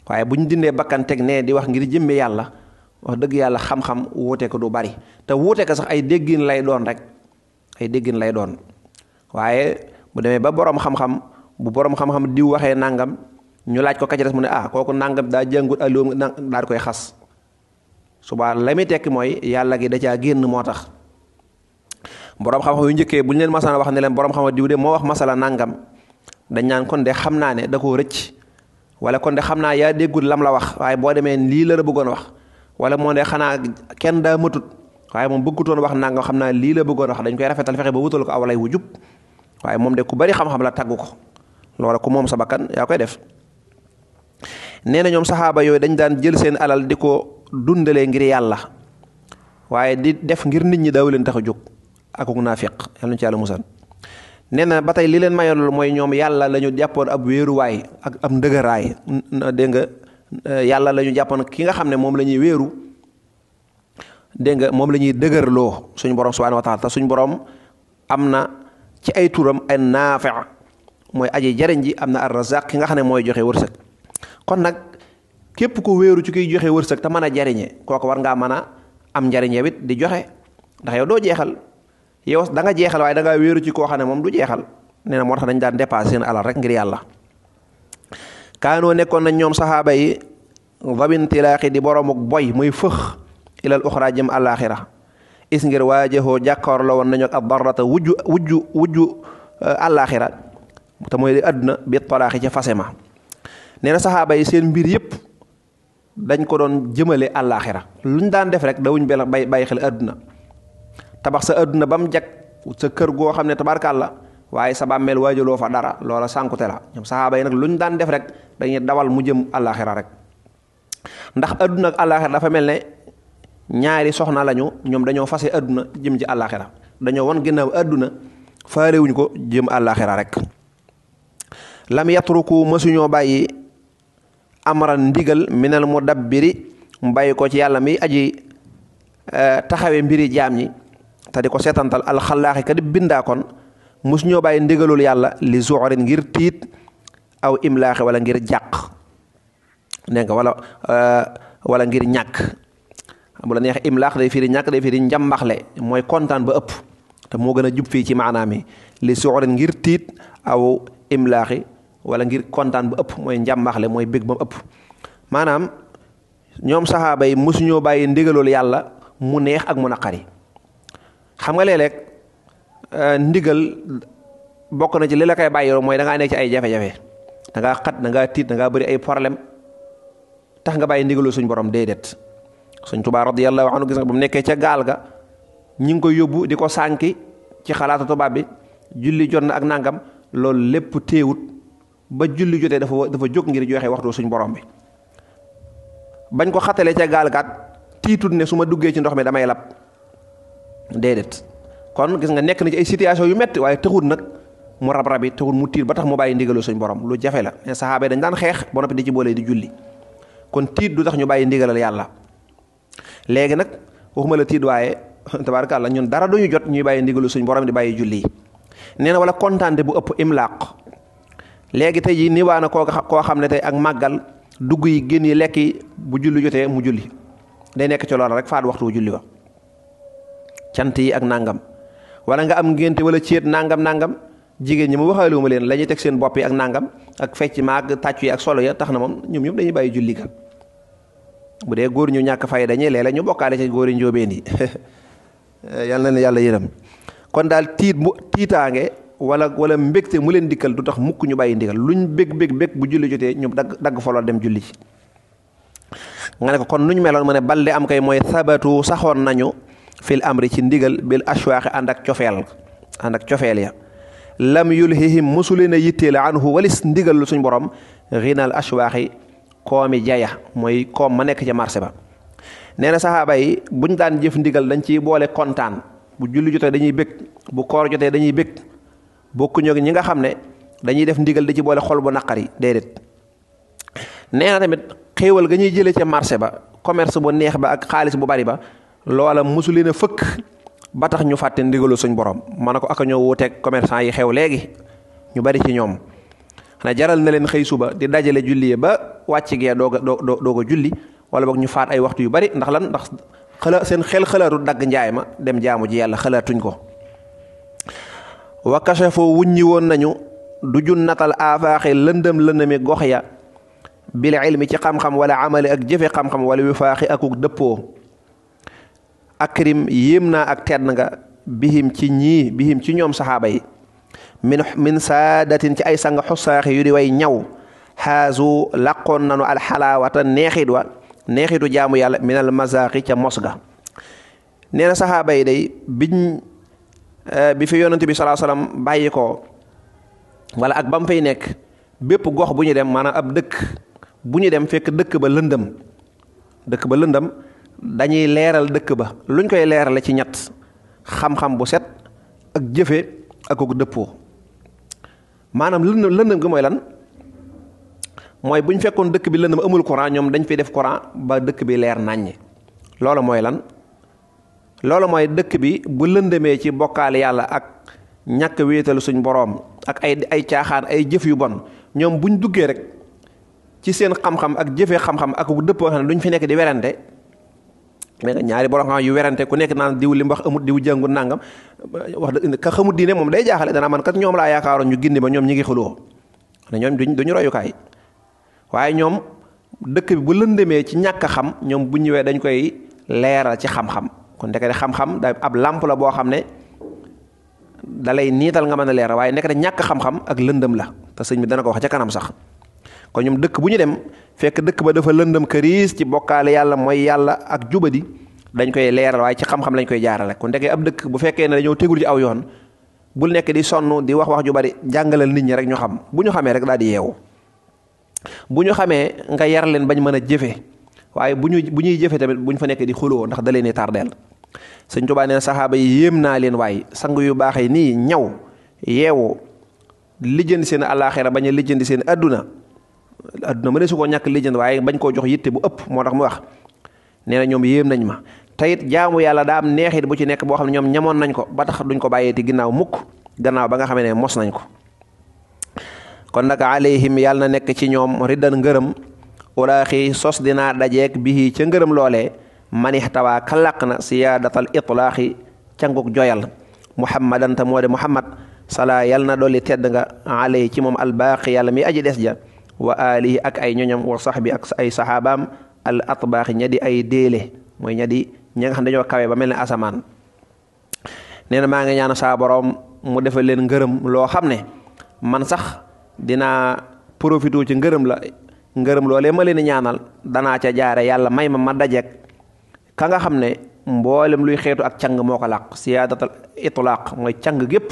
waaye bu ñu dindee bakkan teg nee di wax ngir jëmmi yàlla wax dëgg yàlla xam-xam wuute ko du bari te wuute ko sax ay déggin lay doon rek ay déggin lay doon waaye bu demee ba boroom xam-xam bu borom xam-xam diw waxee nangam ñu laaj ko ka mu ne ah kooku nangam daa jàngut alioom daal koy xas suba la muy tekki mooy yàlla gi da caa génn moo tax. borom xam-xam yu njëkkee bu ñu leen masana wax ne leen borom xam-xam diw de moo wax masala nangam dañ naan kon de xam naa ne da koo rëcc. wala kon de xam naa yaa déggul lam la wax waaye boo demee lii la la bëggoon wax wala moo ne xanaa kenn daa matut waaye moom bëggutoon wax nangam xam naa lii la bëggoon wax dañ koy rafetal fexe ba wutal ko aw lay wu jub waaye moom de ku bari xam-xam la taggu ko loola ku moom sa bakkan yaa koy def nee na ñoom saxaaba yooyu dañ daan jël seen alal di ko dundalee ngir yàlla waaye di def ngir nit ñi daaw leen tax a jóg akuk naafiq yàlla ñu ci yàlla musal nee na ba tey li leen mayoon mooy ñoom yàlla la ñu jàppoon ab wéeruwaay ak am dëgëraay dégg nga euh, yàlla lañu ñu jàppoon ki nga xam ne moom la ñuy wéeru dégg nga moom la ñuy dëgërloo suñu borom subhaana wa taala te suñu borom am na ci ay turam ay naafi mooy aji jariñ ji am na ar razaq ki nga xam ne mooy joxe wërsëg kon nag képp ku wéeru ci kuy joxe wërsëg te mën a jariñe kooku war ngaa mën a am njariñe wit di joxe ndax yow doo jeexal yow da nga jeexal waaye da ngaa wéeru ci koo xam ne moom du jeexal nee na moo tax dañ daan dépassé seen alal rek ngir yàlla kaanoo nekkoon nañ ñoom saxaaba yi vabintilaaxi di boromuk boy mooy fëx ilal uxraa jëm àllaaxira is ngir waajahoo jàkkaar la woon nañu ab darrata wujju wujju wujju àllaaxira euh, te mooy di àdduna bi talaaxi ca fase ma nee na saxaaba yi seen mbir yëpp dañ ko doon jëmale àllaaxira luñ daan def rek dawuñ bel bay bàyyi xel àdduna tabax sa adduna ba mu jag sa kër goo xam ne la waaye sa bàmmeel waajaloo fa dara loola sànkute la ñoom saxaaba yi nag lu ñu daan def rek dañuy dawal mu jëm àllaaxira rek ndax àdduna ak àllaaxira dafa mel ne ñaari soxna lañu ñoom dañoo fase adduna jëm ci àllaaxira dañoo wan ginnaaw adduna faarewuñ ko jëm àllaaxira rek lam yatruku masuñoo bàyyi amran ndigal minal mudabbiri mu biri mu bàyyi ko ci yàlla mi aji eh, taxawe mbiri jaam yi te di ko seetantal alxalaaxi ka di bindaa kon mos ñoo bàyyi ndigalul yàlla li zuxorin ngir tiit aw imlaaxi wala ngir jàq dégg nga wala euh, wala ngir ñàkk bu la neex imlaax day firi ñàkk day firi njàmbaxle mooy kontaan ba ëpp te moo gën a jub fii ci maanaam yi li zuxorin ngir tiit aw wala ngir kontaan ba ëpp mooy njàmbaxle mooy bég ba ëpp maanaam ñoom saxaaba yi mosuñoo bàyyi ndigalool yàlla mu neex ak mu naqari xam nga léeg euh, ndigal bokk na ci li la koy mooy da nekk ci ay jafe-jafe da ngaa xat da ngaa tiit da ngaa bëri ay problème tax nga bàyyi ndigalu suñ borom det suñ tubaa radiyallahu anhu gis nga ba mu nekkee ca gaal ga ñi ngi koy yóbbu di ko sànki ci xalaatu tubaab bi julli jot na ak nangam loolu lépp téewut ba julli jotee dafa dafa jóg ngir joxe waxtu suñ boroom bi bañ ko xatalee ca gaal gaat tiitut ne su ma duggee ci ndox mi damay lab déedéet kon gis nga nekk na ci ay situation yu metti waaye taxul nag mu rab rab yi taxul mu tiit ba tax mu bàyyi ndigalu suñ borom lu jafe la mais saxaaba yi dañ daan xeex ba noppi di ci boole di julli kon tiit du tax ñu bàyyi ndigalal yàlla léegi nag waxuma la tiit waaye tabaarkalla ñun dara duñu jot ñuy bàyyi ndigalu suñ borom di bàyyi julli nee na wala kontaante bu ëpp imlaaq léegi tey jii nii waa na koo xam ne tey ak màggal dugg yi génn yi lekk bu julli jotee mu julli day nekk ci loolu rek faat waxtu julli wa cant yi ak nangam wala nga am ngénte wala céet nangam nangam jigéen ñi mu ma leen la ñuy teg seen bopp yi ak nangam ak fecc ma ak tàccu yi ak solo ya tax na moom ñoom ñëpp dañuy bàyyi julli bu dee góor ñu ñàkk fay dañuy léeg-léeg ñu bokkaale ca góor yi njóobeen yi yal na yàlla yërëm kon daal tiit mu tiitaange wala wala mbégte mu leen dikkal du tax mukk ñu bàyyi ndigal luñ bég bég bég julli jotee ñu dagg dagg folool dem julli ci nga ne ko kon nuñ meloon mu ne balde am kay mooy sabatu saxoon nañu fil amri ci ndigal bil ashwaaxi ànd ak cofeel ànd ak cofeel ya lam yulhihim mosuleen a yitteel anhu walis ndigal lu suñ borom rinal ashwaaxi koomi jaya mooy koom ma nekk ca marché ba nee na saxaaba yi ñu daan jëf ndigal dañ ciy boole kontaan bu julli jotee dañuy bëgg bu koor jotee dañuy bëgg bokkuñu ak ñi nga xam ne dañuy def ndigal di ci boole xol bu naqari déedéet nee na tamit xéewal ga ñuy jëlee ca marché ba commerce bu neex ba ak xaalis bu bari ba loola mosu leen a fëkk ba tax ñu fàtte ndigalu suñ borom ma ne ko ak ñoo wuuteeg commerçant yi xew léegi ñu bari ci ñoom xanaa jaral na leen xëy suba di dajale julli ba wàcc gee doog a julli wala boog ñu faat ay waxtu yu bari ndax lan ndax xala seen xel xalaatu dagg njaay ma dem jaamu ji yàlla xalaatuñ ko. wa kashafu wuññi woon nañu du junnatal aafaaxi lëndëm lëndëmi gox ya bil ilmi ci xam-xam wala amali ak jëfe xam-xam wala wifaaxi akuk dëppoo. akrim yéem naa ak tedd nga bihim ci ñii bihim ci ñoom saxaaba yi min min saadatin ci ay sang xusaaxi yu di way ñaw xaasu laqoon nanu alxalaawata neexit wa neexitu jaamu yàlla minal mazaqi ca mos ga nee na saxaaba yi day biñ eh, bi fi yonent bi salaa bàyyi ko wala ak ba mu fay nekk bépp gox bu ñu dem maanaam ab dëkk bu ñu dem fekk dëkk ba lëndëm dëkk ba lëndëm dañuy leeral dëkk ba luñ koy leerale ci ñett xam-xam bu set ak jëfe ak ak dëppoo maanaam lëndëm lëndëm gi mooy lan mooy bu ñu fekkoon dëkk bi lëndëm amul courant ñoom dañ fiy def courant ba dëkk bi leer naññi loolu mooy lan loolu mooy dëkk bi bu lëndëmee ci bokkaal yàlla ak ñàkk wéetal suñ boroom ak ay ay caaxaan ay jëf yu bon ñoom buñ duggee rek ci seen xam-xam ak jëfee xam-xam ak dëppoo xam ne duñ fi nekk di werante mais nga ñaari borom xam yu werante ku nekk naan diw li mu wax amut diw jàngul nangam wax dëgg ka xamut diine moom day jaaxale danaa man kat ñoom laa yaakaaroon ñu gindi ba ñoom ñi ngi xuloo ne ñoom duñ duñu royukaay waaye ñoom dëkk bi bu lëndëmee ci ñàkk a xam ñoom bu ñëwee dañ koy leeral ci xam-xam kon ndekete xam-xam da ab làmp la boo xam ne da lay niital nga mën a leeral waaye ndekete ñàkk xam-xam ak lëndëm la te sëñ bi dana ko wax ca kanam sax kon ñoom dëkk bu ñu dem fekk dëkk ba dafa lëndëm këriis ci bokkaale yàlla mooy yàlla ak juba di dañ koy leeral waaye ci xam-xam lañ koy jaarale kon ndekee ab dëkk bu fekkee ne dañoo tegul ci aw yoon bul nekk di sonn di wax wax ju bari jàngalal nit ñi rek ñu xam bu ñu xamee rek daa di yeewu bu ñu xamee nga yar leen bañ mën a jëfe waaye bu ñu bu ñuy jëfe tamit bu ñu fa nekk di xuloo ndax da leen di tardeel sëñ Tuubaa nee na saxaaba yi yéem naa leen waaye sang yu baax yi nii ñaw yeewu lijjandi seen àllaaxira bañ a lijjandi seen adduna adduna ma ne su koo ñàkk lijjant waaye bañ koo jox yitte bu ëpp moo tax mu wax nee na ñoom yéem nañ ma tayit jaamu yàlla daa am neexit bu ci nekk boo xam ne ñoom ñamoon nañ ko ba tax duñ ko bàyyeeti ginnaaw mukk gannaaw ba nga xamee ne mos nañ ko kon nag alayhim yàlla na nekk ci ñoom riddan ngërëm wala xii sos dinaa dajeek bihi ca ngërëm loolee manix tawaa kalaq na siyaadatal itlaaxi canguk joyal muhammadan ta moo de muhammad salaa yàlla na dolli tedd nga alay ci moom albaqi yàlla mi aji des ja wa alihi ak ay ñoñam wa bi ak ay saxaabaam al atbaaxi ña di ay déele mooy ña di ña nga xam dañoo kawe ba mel ni asamaan nee na maa ngi ñaan saa borom mu defal leen ngërëm loo xam ne man sax dinaa profité ci ngërëm la ngërëm loolee ma leen ñaanal danaa ca jaare yàlla may ma ma dajeeg ka nga xam ne mboolem luy xeetu ak cang moo ko làq siyaadatul itlaaq mooy càng gépp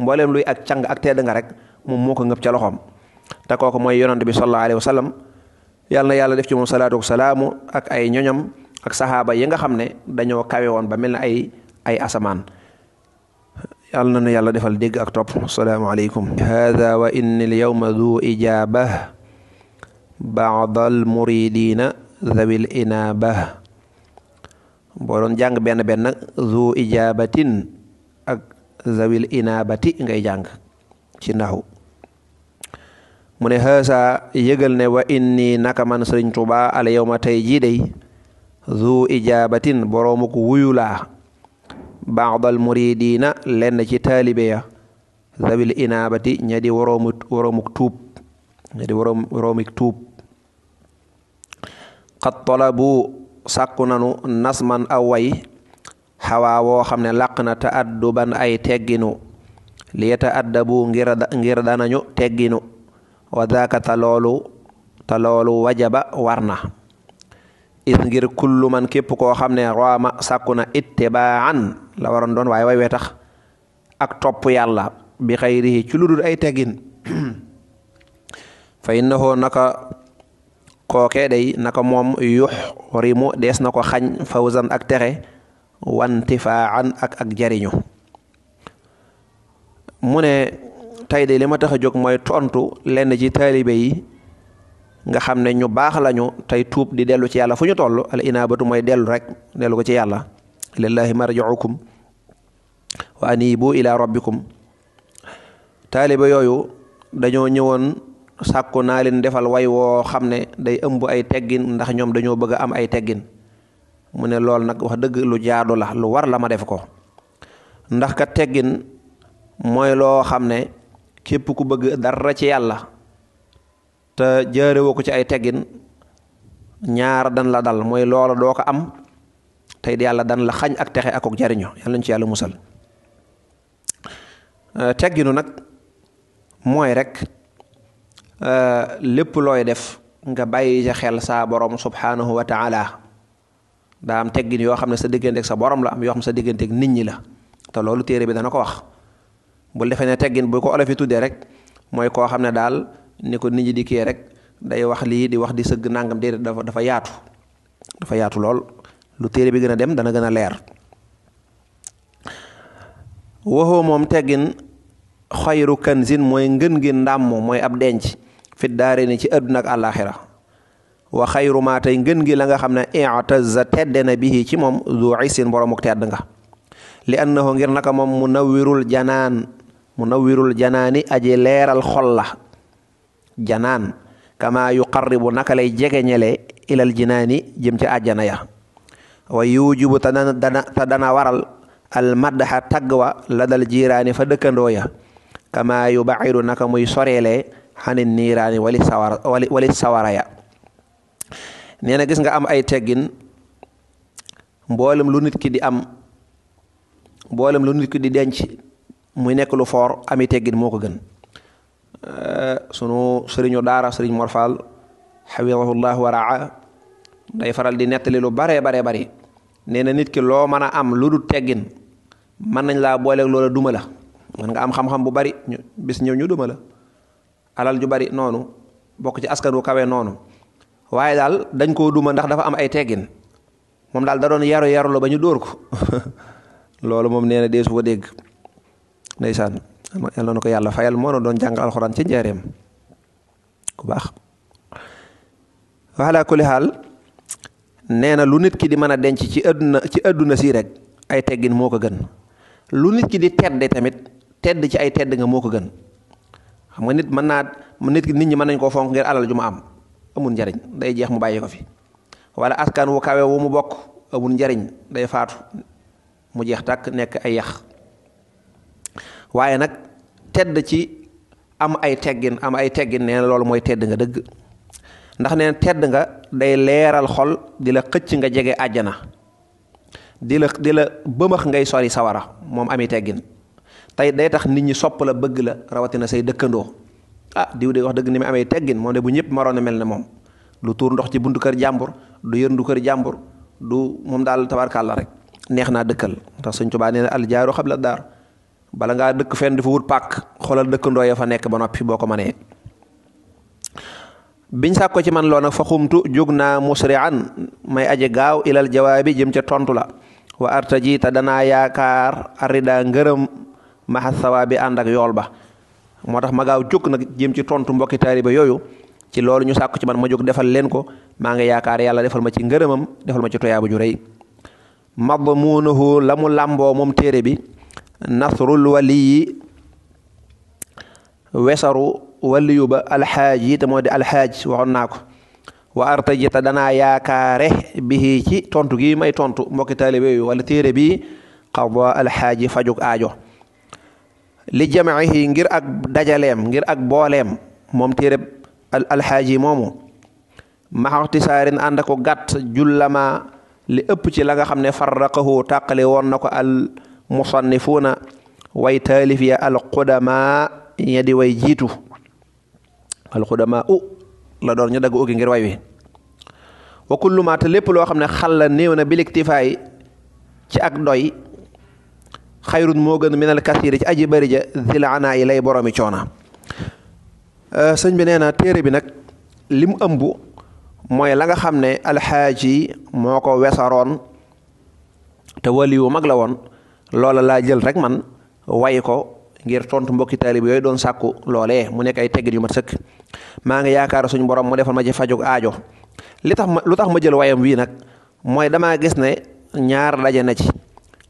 mboolem luy ak càng ak tedd nga rek moom moo ko ngëp ca loxoom te kooku mooy yonante bi sallallahu alayhi yàlla na yàlla def ci moom salaatu wa ak ay ñoñam ak saxaaba yi nga xam ne dañoo kawe woon ba mel ne ay ay asamaan yàlla na nu yàlla defal dégg ak topp asalaamaaleykum hada wa inni l yowma du ijaaba baada benn benn nag ijaabatin ak zawil inaabati ngay jàng ci ndaxu mu ne xaasa yëgal ne wa inni naka man sëriñ Tuubaa al yawma tey jii day zu ijaabatin boroomu ku wuyu laa baadal lenn ci taalibe ya zawil inaabati ña di tuub ña bu woroom woroomik tuub nanu nasman aw way xawaa woo xam ne làq na ta adduban ay tegginu liyata addabu ngir ngir tegginu wa daaka ta loolu te loolu wajaba war na is ngir kullu man képp koo xam ne roama sàkku na ittibaan la waroon doon waaye way we tax ak topp yàlla bi xayrihi ci lu ay teggin fa innahu naka kookee day naka moom yux rimu dees na ko xañ fawzan ak texe wantifaan ak ak jariñu mu tey de li ma tax a jóg mooy tontu lenn ci taalibe yi nga xam ne ñu baax lañu tey tuub di dellu ci yàlla fu ñu toll al inaabatu mooy dellu rek dellu ko ci yàlla lillahi marjiukum wa anibu ila rabbikum taaliba yooyu dañoo ñëwoon sàkku naa leen defal way woo xam ne day ëmb ay teggin ndax ñoom dañoo bëgg a am ay teggin mu ne lool nag wax dëgg lu jaadu la lu war la ma def ko ndax ka teggin mooy loo xam ne képp ku bëgg dara ci yàlla te jaarewo ko ci ay teggin ñaar dan la dal mooy loola doo ko am tey yàlla dan la xañ ak texe ak ak jariño yàlla nañ ci yàlla musal euh, tegginu nag mooy rek euh, lépp looy def nga bàyyi ca xel saa borom subhanahu wa taala daa teggin yoo xam ne sa digganteeg sa boroom la am yoo xam sa digganteeg nit ñi la te loolu téere bi dana ko wax bu defee ne teggin bu ko olofi yi rek mooy koo xam ne daal ni ko nit ñi di kii rek day wax lii di wax di sëgg nangam déedéet dafa dafa yaatu dafa yaatu lool lu téere bi gën a dem dana gën a leer waxoo moom teggin xayru kansin mooy ngën gi ndàmm mooy ab denc fi daare ni ci àdduna ak àllaaxira wa xayru maa ngën gi la nga xam ne i'taza tedde na bihi ci moom zu isin boromuk tedd nga li annahu ngir naka moom mu nawwirul janaan mu munawwirul janaani aji leeral xol la janaan kama yuqarribu naka lay jegeñele ilal jinaani jëm ci àjjana ya wa yuujubu te dana waral al maddaxa tagg wa la dal fa dëkkandoo ya kama yubaxidu naka muy soreele xanin niiraani wali sawar wali sawara ya nee na gis nga am ay teggin mboolem lu nit ki di am mboolem lu nit ki di denc muy nekk lu foor ami teggin moo ko gën eh, sunu sëriñu daara sëriñ Mor Fall xafidahullah wa raa day faral di nettali lu baree baree bari nee na nit ki loo mën a am lu du teggin mën nañ laa booleeg loola duma la mën nga am xam-xam bu bari ñu bis ñëw ñu duma la alal ju bari noonu bokk ci askan wu kawe noonu waaye daal dañ koo duma ndax dafa am ay teggin moom daal da doon yaru yaru la ba ñu dóor ko loolu moom nee na dee su ko dégg ndeysaan yàlla na ko yàlla fayal moo doon jàng alxuraan ci njaareem baax wala kulli nee na lu nit ki di mën a denc ci àdduna ci àdduna si rek ay teggin moo ko gën lu nit ki di tedde tamit tedd ci ay tedd gën xam nga nit mën naa nit nit ñi mën nañ koo fonk ngir alal ju ma am amul njariñ day jeex mu bàyyi ko fi walla askan wu kawe wu mu bokk amul njariñ day faatu mu jeex tàkk nekk ay yax waaye nag tedd ci am ay teggin am ay teggin nee na loolu mooy tedd nga dëgg ndax nee tedd nga day leeral xol di la xëcc nga jege àjjana di la di la bëmax ngay sori sawara moom ami teggin tey day tax nit ñi sopp la bëgg la rawatina say dëkkandoo a ah, diw de wax dëgg ni mu amee teggin moom de bu ñëpp maroon a mel ne moom lu tuur ndox ci buntu kër jàmbur du du kër jàmbur du moom daal tabarkàlla rek neex naa dëkkal tax Sëñ Tuubaa nee na al jaaru xabla daar bala ngaa dëkk fenn dafa wut pàkk xoolal dëkkandoo ya fa nekk ba noppi boo ko manee biñ sàkk ci man loo nag fa xumtu jóg naa musri'an may aje gaaw ilal jawaabi jëm ca tontu la wa artaji ta danaa yaakaar arrida ngërëm maxa sawa bi ànd ak yool ba moo tax ma gaaw jóg nag jëm ci tontu mbokki taaliba yooyu ci loolu ñu sàkk ci man ma jóg defal leen ko maa ngi yaakaar yàlla defal ma ci ngërëmam defal ma ci toyaabu ju rëy madmuunahu la mu làmboo moom téere bi nasrul waliyi wesaru waliyu ba alxaaji te moo di alxaaj waxoon wa artaji te danaa yaakaare bihi ci tontu gi may tontu mbokki taalibe yu wala téere bi xawa alxaaji fajug aajo li jamaihi ngir ak dajaleem ngir ak booleem moom téere alxaaji moomu maxaxti saarin ànd ko gàtt jullama li ëpp ci la nga xam ne farraqahu tàqale woon na ko al musannifuuna way taalif ya alqudama ña di way jiitu alqudama u la doon ñu dagg ugi ngir way wi wa kullu ma te lépp loo xam ne xalla néew na bilik tifaay ci ak doy xayrun moo gën minal kasiiri ci aji bari ja zilaanaa yi lay boroomi coona euh, sëñ bi nee téere bi nag lim ëmb mooy la nga xam ne alxaaji moo ko wesaroon te waliwu mag la woon loola laa jël rek man way ko ngir tontu mbokki taalib yooyu doon sàkku loolee mu nekk ay teggin yu mat sëkk maa ngi yaakaar suñu borom mu defal ma ci fajug aajo li tax ma lu tax ma jël wayam wii nag mooy damaa gis ne ñaar daje na ci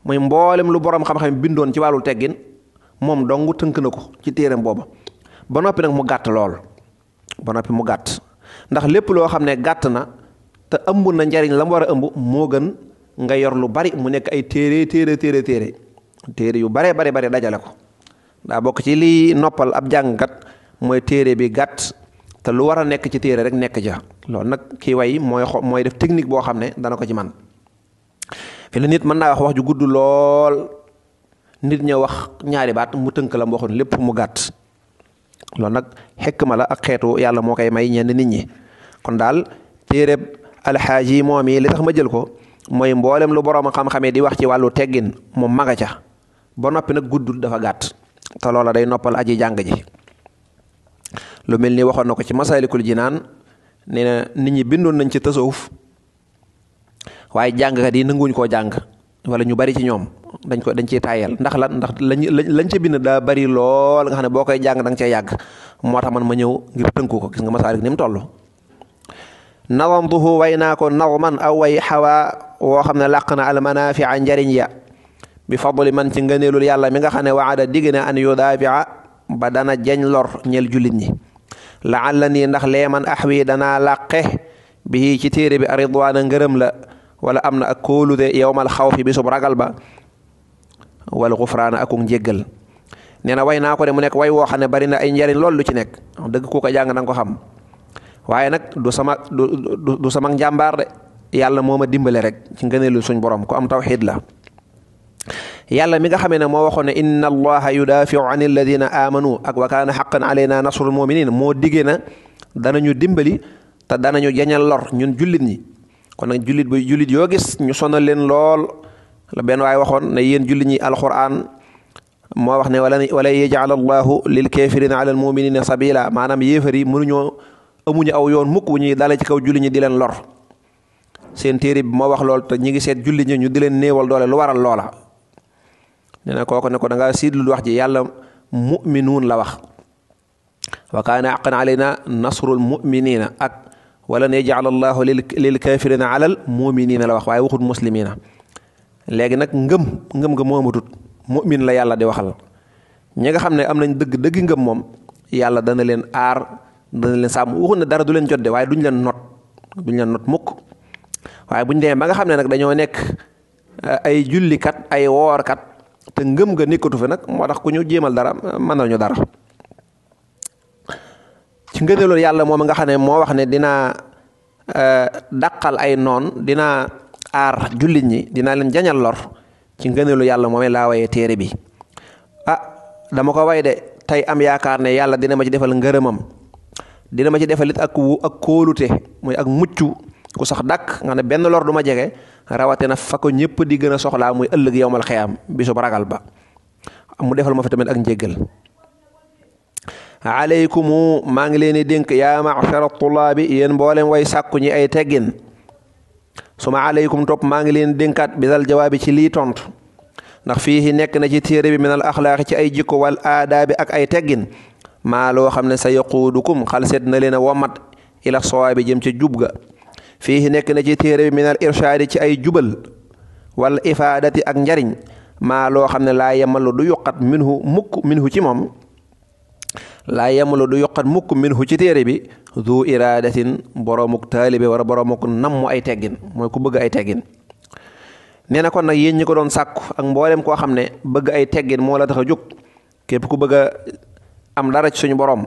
muy mboolem lu borom xam-xam bindoon ci wàllu teggin moom dong tënk na ko ci téere booba ba noppi nag mu gàtt lool ba noppi mu gàtt ndax lépp loo xam ne gàtt na te ëmb na njariñ la mu war a ëmb moo gën. nga yor lu bari mu nekk ay téere téere téere téere téere yu baree bari bari dajale ko daa bokk ci lii noppal ab jàngat mooy téere bi gàtt te lu war a nekk ci téere rek nekk ca lool nag kii way mooy mooy def technique boo xam ne dana ko ci man fi la nit mën naa wax wax ju gudd lool nit ña wax ñaari baat mu tënk la mu lépp mu gàtt loolu nag xekk ma la ak xeetu yàlla moo koy may ñenn nit ñi kon daal téereb alxaaji moom yi li tax ma jël ko mooy mboolem lu borom xam-xamee di wax ci wàllu teggin moom maga ca ba noppi nag guddul dafa gàtt te loola day noppal aji jàng ji lu mel ni waxoon na ko ci masalikul jinaan nee na nit ñi bindoon nañ ci tasawuf waaye jàngkat yi nanguwuñ koo jàng wala ñu bari ci ñoom dañ ko dañ ciy tayal ndax lan ndax lañ lañ ca bind daa bari lool xam ne koy jàng da nga yàgg moo tax man ma ñëw ngir tënku ko gis nga masaalik ni mu way naa ko naw man aw way xawaa woo xam ne làq na almanafia njariñ ya bi fadli man ci ngëneelul yàlla mi nga xam ne waada digg na an a ba dana jañ lor ñel jullit ñi laalla nii ndax leeman axwi danaa làqe bi ci téere bi aridwaana ngërëm la wala am na ak kóolude yowmal xawfi bisub ragal ba wala xufraana akuk njéggal nee na way naa ko de mu nekk way woo xam ne bari na ay njariñ lool lu ci nekk dëgg ku ko jàng na ko xam waaye nag du sama du sama njàmbaar de yàlla moo ma dimbali rek ci ngëneelu suñ borom ku am tawxiid la yàlla mi nga xamee ne moo waxoon ne inna allaha yudaafiu an alladina amanu ak wa kaana xaqan alayna nasrul muminin moo diggee na ñu dimbali te danañu jañal lor ñun jullit ñi kon nag jullit bu jullit yoo gis ñu sonal leen lool benn waay waxoon na yéen jullit ñi alquran moo wax ne wala wala yajal allahu lil kafirina ala al muminina sabila maanaam yéefar yi mënuñoo amuñu aw yoon mukk wu ñuy dale ci kaw jullit di leen lor seen téere bi moo wax loolu te ñi ngi seet julli ñi ñu di leen néewal doole lu waral loola nee na kooku ne ko da ngaa siidlul wax ji yàlla muminuun la wax wa kaana aqan alayna nasrul muminina ak wala ne jaal allahu lil kafirina alal muminina la wax waaye waxut muslimina léegi nag ngëm ngëm nga moomatut mumin la yàlla di waxal ñi nga xam ne am nañ dëgg dëgg ngëm moom yàlla dana leen aar dana leen sàmm waxut na dara du leen jot de waaye duñ leen not duñ leen not mukk waaye bu ñu demee ba nga xam ne nag dañoo nekk eh, ay jullikat ay woorkat te ngëm nga nekkatu fi nag moo tax ku ñu jéemal dara mënal ñu dara ci ngëneelu yàlla moom nga xam ne moo wax ne dina eh, daqal ay noon dina aar jullit ñi dina leen jañal lor ci ngëneelu yàlla moomee laa waye téere bi a ah, dama ko way de tey am yaakaar ne yàlla dina ma ci defal ngërëmam dina ma ci defal ak kóolute mooy ak muccu ku sax dàkk nga ne benn lor du ma jege rawatina fa ko ñëpp di gën a soxlaa muy ëllëg yowmal xayaam bisub ragal ba mu defal ma fi tamit ak njéggal aleykumu maa ngi leen di dénk yaa machara tullaabi yéen mboolem way sàkku ñi ay teggin suma aleykum topp maa ngi leen dénkaat bi dal jawaabi ci lii tontu ndax fii nekk na ci téere bi minal axlaaqi ci ay jikko wal aadaabi ak ay teggin maa loo xam ne sa yaquudukum xalset na leen a womat ila sowaabi jëm ca jub fii nekk na ci téere bi minal irshaadi ci ay jubal wala ifaadati ak njariñ maa loo xam ne laa yemalu du yokkat minhu mukk minhu ci moom laa yemalu du yokkat mukk minhu ci téere bi du iraadatin boromuk taalibe wala boromuk nammu ay teggin mooy ku bëgg ay teggin nee na kon nag yéen ñi ko doon sàkku ak mbooleem koo xam ne bëgg ay teggin moo la tax a jóg képp ku bëgg a am dara ci suñu borom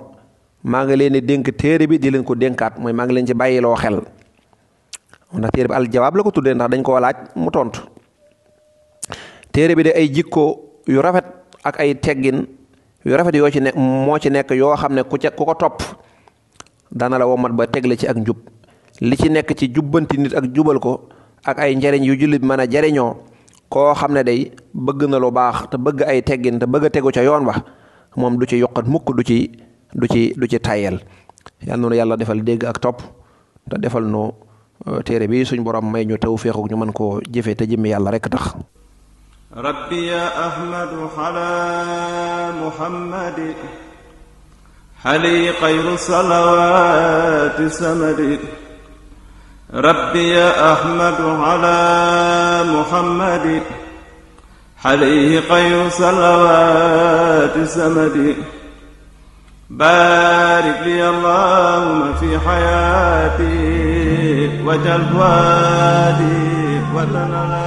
maa ngi leen di dénk téere bi di leen ko dénkaat mooy maa ngi ci bàyyiloo xel ndax téere bi aljawaab la ko tuddee ndax dañ koo laaj mu tontu téere bi de ay jikko yu rafet ak ay teggin yu rafet yoo ci ne moo ci nekk yoo xam ne ku ca ku ko topp dana la womat ba tegle ci ak njub li ci nekk ci jubbanti nit ak jubal ko ak ay njariñ yu jullit mën a jariñoo koo xam ne day bëgg na lu baax te bëgg ay teggin te bëgg a tegu ca yoon ba moom du ci yokkat mukk du ci du ci du ci tayel yal na yàlla defal dégg ak topp te defal nu Euh, téere bi suñ borom may ñu taw féexuk ñu mën koo jëfee te jëmmi yàlla rekk tax rabbi ya ahmadu xalaa muhammadi xali xayru salawaati samadi rabbi ya ahmadu xalaa li allahuma fi xayaati وجل فؤادي وتنال